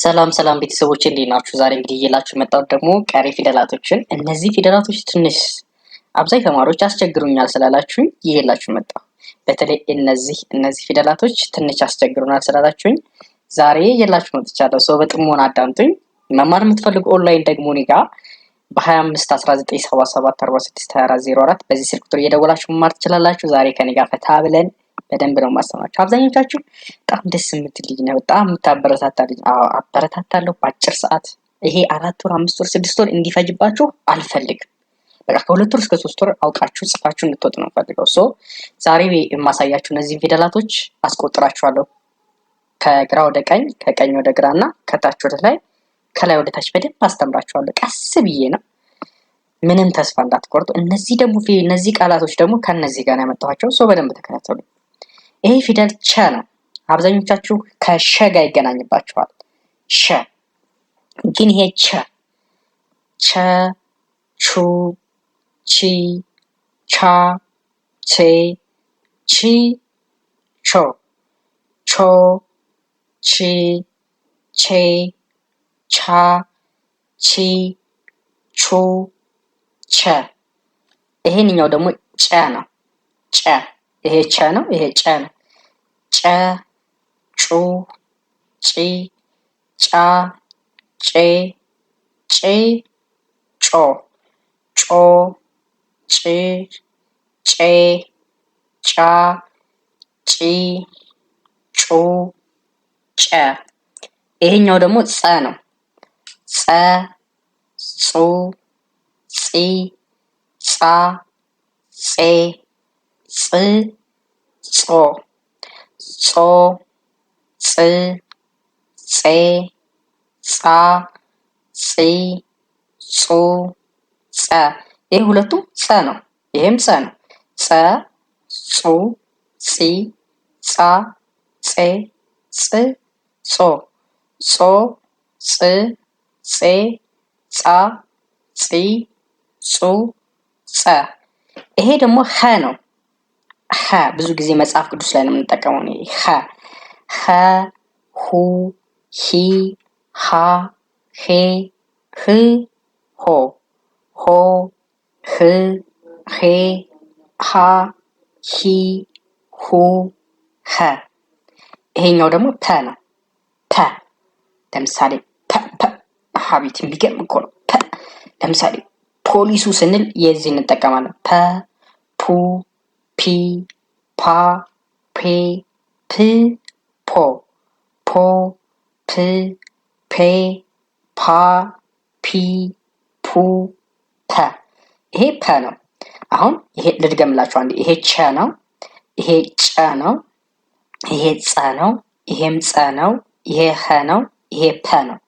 ሰላም ሰላም ቤተሰቦች እንዴት ናችሁ? ዛሬ እንግዲህ እየላችሁ መጣው ደግሞ ቀሪ ፊደላቶችን እነዚህ ፊደላቶች ትንሽ አብዛኝ ተማሪዎች አስቸግሩኛል ስላላችሁኝ እየላችሁ መጣሁ። በተለይ እነዚህ እነዚህ ፊደላቶች ትንሽ አስቸግሩናል ስላላችሁኝ ዛሬ እየላችሁ መጥቻለሁ። ሰው በጥሞና አዳምጡኝ። መማር የምትፈልጉ ኦንላይን ደግሞ እኔ ጋር በ25 19 77 46 24 04 በዚህ ስልክ ቁጥር እየደወላችሁ መማር ትችላላችሁ። ዛሬ ከኔ ጋር ፈታ ብለን በደንብ ነው ማሰማቸው። አብዛኞቻችሁ በጣም ደስ የምትል ልጅ ነው፣ በጣም የምታበረታታ ልጅ አበረታታለሁ። በአጭር ሰዓት ይሄ አራት ወር፣ አምስት ወር፣ ስድስት ወር እንዲፈጅባችሁ አልፈልግም። በቃ ከሁለት ወር እስከ ሶስት ወር አውቃችሁ ጽፋችሁ እንድትወጡ ነው ፈልገው። ሶ ዛሬ የማሳያችሁ እነዚህን ፊደላቶች አስቆጥራችኋለሁ ከግራ ወደ ቀኝ፣ ከቀኝ ወደ ግራ እና ከታች ወደ ላይ፣ ከላይ ወደ ታች በደንብ አስተምራችኋለሁ። ቀስ ብዬ ነው ምንም ተስፋ እንዳትቆርጡ። እነዚህ ደግሞ እነዚህ ቃላቶች ደግሞ ከነዚህ ጋር ያመጣኋቸው ሰው በደንብ ተከታተሉ። ይህ ፊደል ቸ ነው። አብዛኞቻችሁ ከሸ ጋር ይገናኝባችኋል። ሸ ግን ይሄ ቸ ቸ ቹ ቺ ቻ ቼ ቺ ቾ ቾ ቺ ቼ ቻ ቺ ቹ ቸ ይሄንኛው ደግሞ ጨ ነው። ጨ ይሄ ቸ ነው። ይሄ ጨ ነው። ጨ ጩ ጪ ጫ ጬ ጪ ጮ ጮ ጭ ጬ ጫ ጪ ጩ ጨ ይሄኛው ደግሞ ጸ ነው። ጸ ጹ ጺ ጻ ጼ ፅ ጾ ጾ ፅ ፄ ፃ ጺ ጹ ጸ ይህ ሁለቱም ጸ ነው። ይሄም ጸ ነው። ጸ ጹ ጺ ጻ ጼ ጽ ጾ ጾ ፅ ጼ ጻ ጺ ጹ ጸ ይሄ ደግሞ ኸ ነው። ሀ ብዙ ጊዜ መጽሐፍ ቅዱስ ላይ ነው የምንጠቀመው። ሀ ሀ ሁ ሂ ሃ ሄ ህ ሆ ሆ ህ ሄ ሃ ሂ ሁ ሀ ይሄኛው ደግሞ ፐ ነው። ተ ለምሳሌ ፐ ፐ ሀቢት የሚገርም እኮ ነው። ለምሳሌ ፖሊሱ ስንል የዚህ እንጠቀማለን። ፐ ፑ ፒ ፓ ፔ ፕ ፖ ፖ ፕ ፔ ፓ ፒ ፑ ፐ ይሄ ፐ ነው። አሁን ይሄ ልድገምላችሁ አንዴ። ይሄ ቸ ነው። ይሄ ጨ ነው። ይሄ ጸ ነው። ይሄም ጸ ነው። ይሄ ኸ ነው። ይሄ ፐ ነው።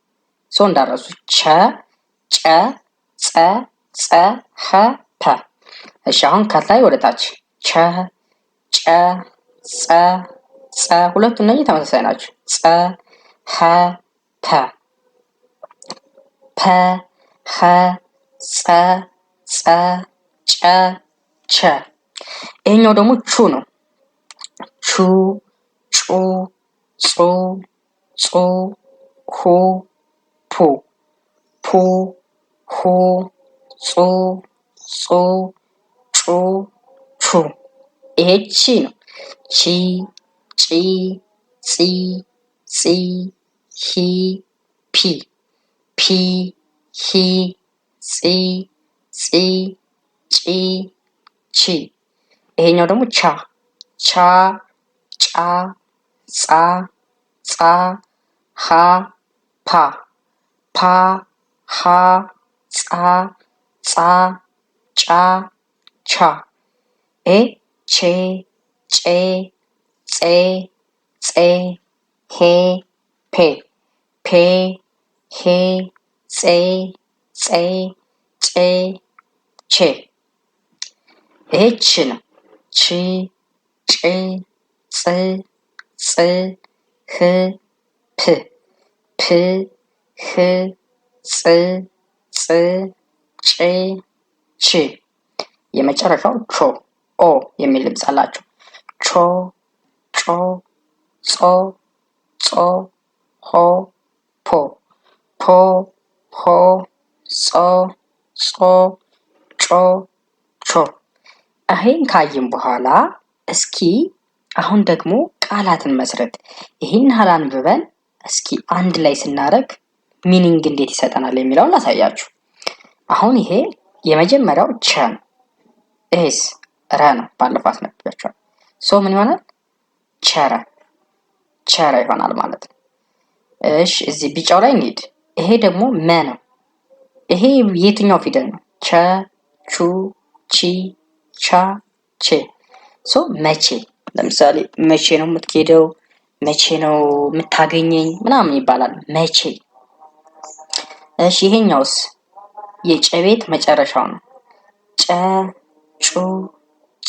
ሶ እንዳረሱ ቸ፣ ጨ፣ ጸ፣ ጸ፣ ኸ፣ ፐ። እሺ አሁን ከላይ ወደ ታች ቸ፣ ጨ፣ ጸ፣ ጸ ሁለቱ እነዚህ ተመሳሳይ ናቸው። ጸ፣ ሀ፣ ፐ፣ ፐ፣ ሀ፣ ጸ፣ ጸ፣ ጨ፣ ቸ። ይሄኛው ደግሞ ቹ ነው። ቹ፣ ጩ፣ ጹ፣ ጹ፣ ሁ፣ ፑ፣ ፑ፣ ሁ፣ ጹ፣ ጹ፣ ጩ ይሄ ቺ ነው። ቺ ጪ ጺ ጺ ሂ ፒ ፒ ሂ ጺ ጺ ጪ ቺ። ይሄኛው ደግሞ ቻ ቻ ጫ ጻ ጻ ሃ ፓ ፓ ሃ ጻ ጻ ጫ ቻ H, J, J, ጼ H, P, ፔ H, J, ጼ J, Ch. ይሄ ች ነው። ቺ ጭ ጽ ጽ ህ ፕ ፕ ህ ጽ ጽ ጭ ች የመጨረሻው ቾ ኦ የሚል ድምፅ አላቸው። ቾ፣ ጮ፣ ጾ፣ ጾ፣ ሆ፣ ፖ፣ ፖ፣ ሆ፣ ጾ፣ ጾ፣ ጮ፣ ቾ። ይሄን ካየን በኋላ እስኪ አሁን ደግሞ ቃላትን መስረት ይህን ሀል አንብበን እስኪ አንድ ላይ ስናደርግ ሚኒንግ እንዴት ይሰጠናል የሚለውን ላሳያችሁ። አሁን ይሄ የመጀመሪያው ቸ ነው። ረ ነው። ባለፈው አስነብያቸዋል። ሶ ምን ይሆናል? ቸረ ቸረ ይሆናል ማለት ነው። እሺ እዚህ ቢጫው ላይ እንሂድ። ይሄ ደግሞ መ ነው። ይሄ የትኛው ፊደል ነው? ቸ፣ ቹ፣ ቺ፣ ቻ፣ ቼ። ሶ መቼ። ለምሳሌ መቼ ነው የምትሄደው፣ መቼ ነው የምታገኘኝ ምናምን ይባላል። መቼ። እሺ ይሄኛውስ የጨቤት መጨረሻው ነው። ጨ ጩ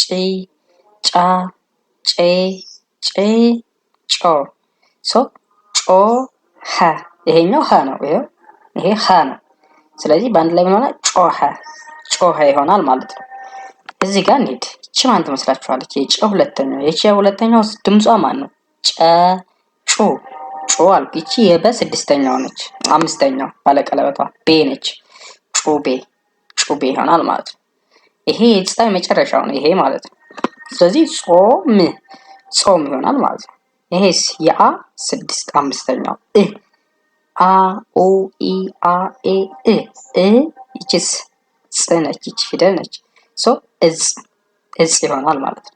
ጭ፣ ጫ፣ ጬ፣ ጭ፣ ጮ ሶ ጮ ሀ ይሄኛው ሀ ነው። ይሄው ይሄ ሀ ነው። ስለዚህ በአንድ ላይ ምን ሆነ? ጮኸ ጮኸ ይሆናል ማለት ነው። እዚህ ጋር እንሂድ። ይቺ ማን ትመስላችኋለች? የጨ ሁለተኛው የጨ ሁለተኛው ድምጿ ማን ነው? ጨ ጩ ጩ አልኩ። ይቺ የበ ስድስተኛው ነች። አምስተኛው ባለቀለበቷ ቤ ነች። ጩቤ ጩቤ ይሆናል ማለት ነው። ይሄ የጽ የመጨረሻው ነው ይሄ ማለት ነው። ስለዚህ ጾም ጾም ይሆናል ማለት ነው። ይሄስ የአ ስድስት አምስተኛው እ አ ኦ ኢ አ ኤ እ እ ይችስ ጽ ነች ይች ፊደል ነች። ሶ እጽ እጽ ይሆናል ማለት ነው።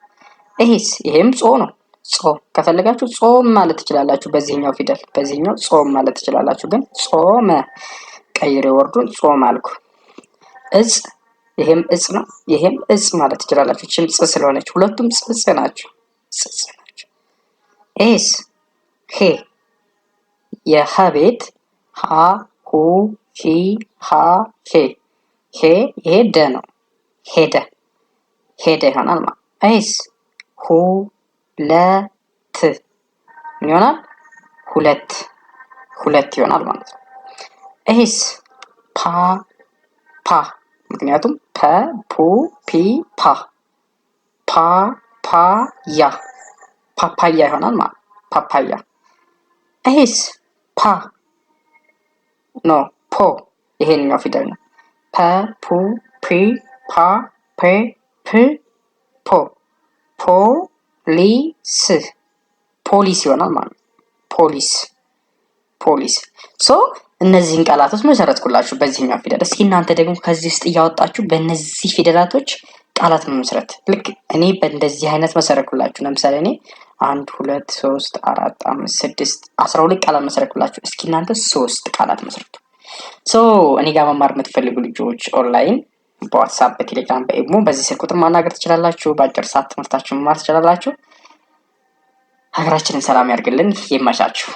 ይሄስ ይሄም ጾ ነው። ጾ ከፈለጋችሁ ጾም ማለት ትችላላችሁ። በዚህኛው ፊደል በዚህኛው ጾም ማለት ትችላላችሁ። ግን ጾመ ቀይሬ ወርዱን ጾም አልኩ እጽ ይሄም እጽ ነው። ይሄም እጽ ማለት ትችላላችሁ። ይህችም ጽ ስለሆነች ሁለቱም ጽጽ ናቸው። ጽጽ ናቸው። ኤስ ሄ የሀ ቤት ሀ ሁ ሂ ሀ ሄ ሄ ይሄ ደ ነው። ሄደ ሄደ ይሆናል ማለት ኤስ ሁ ለ ት ምን ይሆናል? ሁለት ሁለት ይሆናል ማለት ነው። ኤስ ፓ ፓ ምክንያቱም ፐ፣ ፑ፣ ፒ፣ ፓ ፓፓያ ፓፓያ ይሆናል ማለት ፓፓያ። ይሄስ ፓ ኖ ፖ ይሄኛው ፊደል ነው። ፐ ፑ ፒ ፓ ፔ ፕ ፖ ፖ ሊ ስ ፖሊስ ይሆናል ማለት ፖሊስ ፖሊስ። ሶ እነዚህን ቃላቶች መሰረትኩላችሁ በዚህኛው ፊደል። እስኪ እናንተ ደግሞ ከዚህ ውስጥ እያወጣችሁ በእነዚህ ፊደላቶች ቃላት መመስረት። ልክ እኔ በእንደዚህ አይነት መሰረኩላችሁ። ለምሳሌ እኔ አንድ ሁለት ሶስት አራት አምስት ስድስት አስራ ሁለት ቃላት መሰረኩላችሁ። እስኪ እናንተ ሶስት ቃላት መስረቱ። ሶ እኔ ጋር መማር የምትፈልጉ ልጆች ኦንላይን በዋትሳፕ በቴሌግራም በኢሞ በዚህ ስልክ ቁጥር ማናገር ትችላላችሁ። በአጭር ሰዓት ትምህርታችሁን መማር ትችላላችሁ። ሀገራችንን ሰላም ያርግልን። ይመቻችሁ።